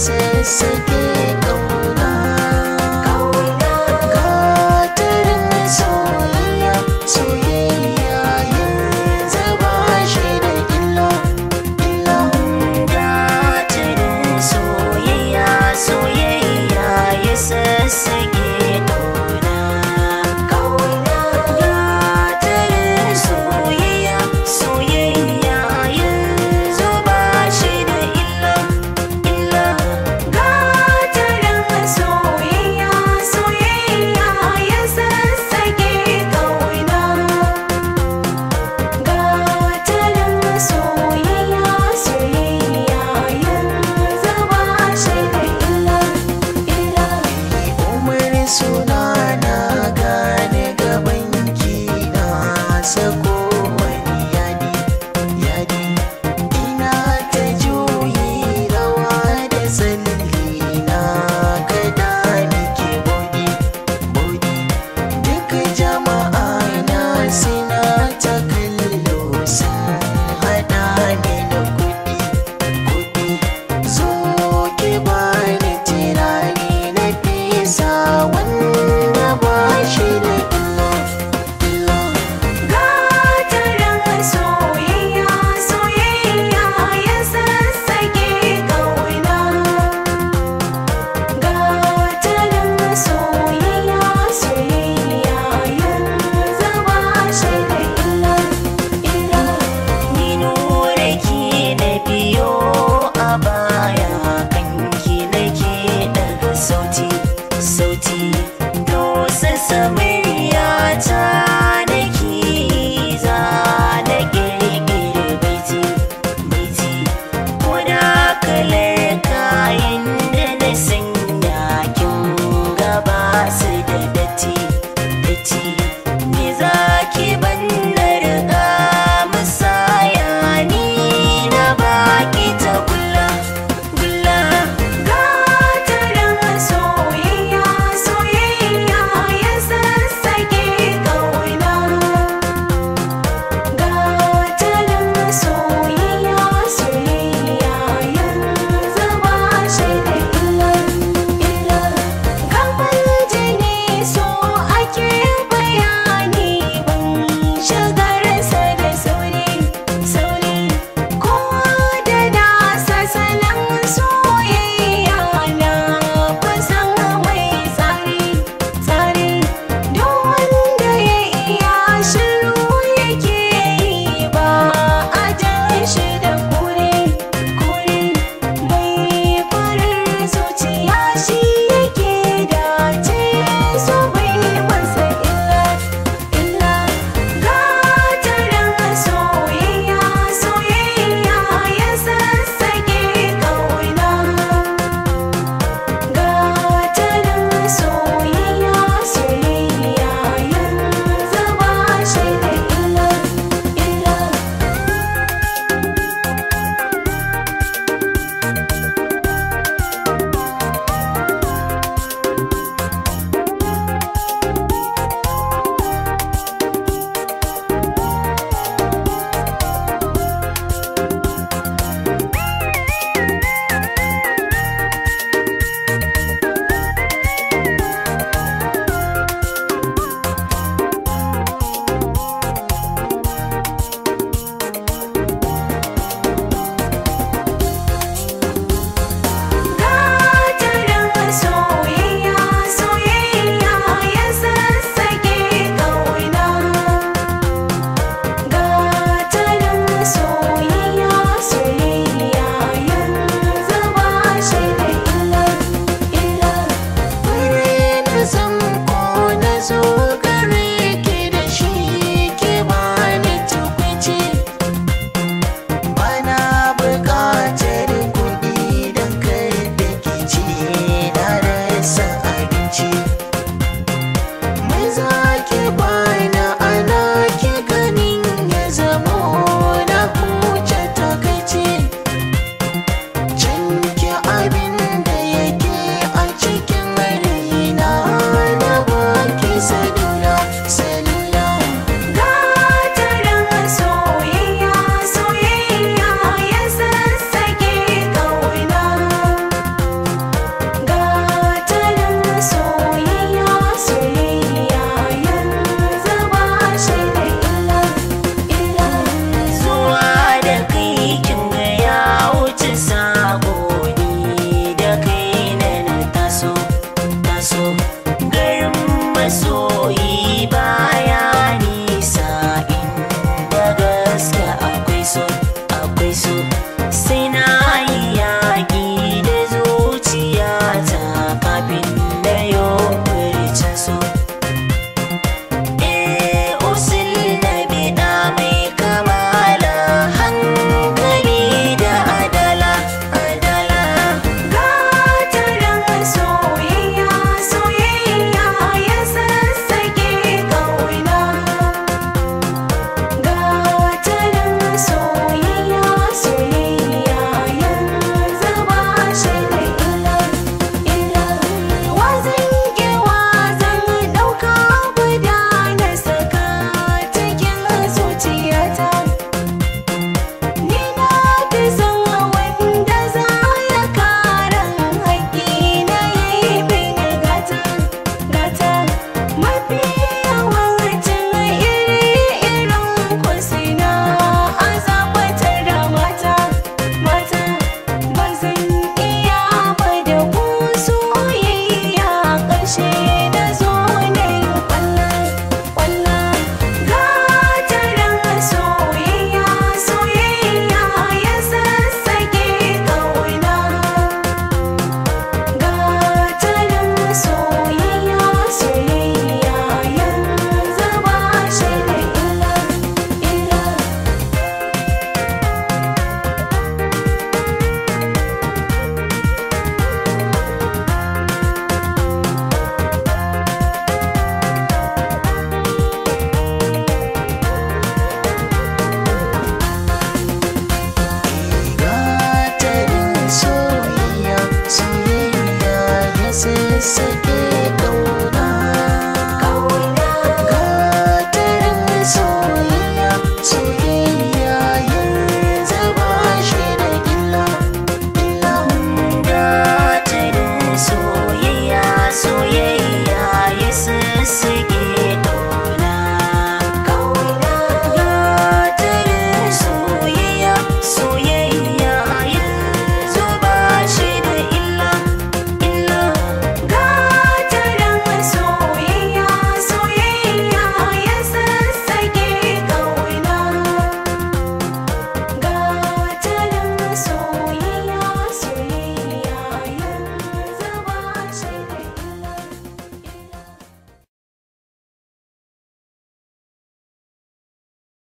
says again. soon.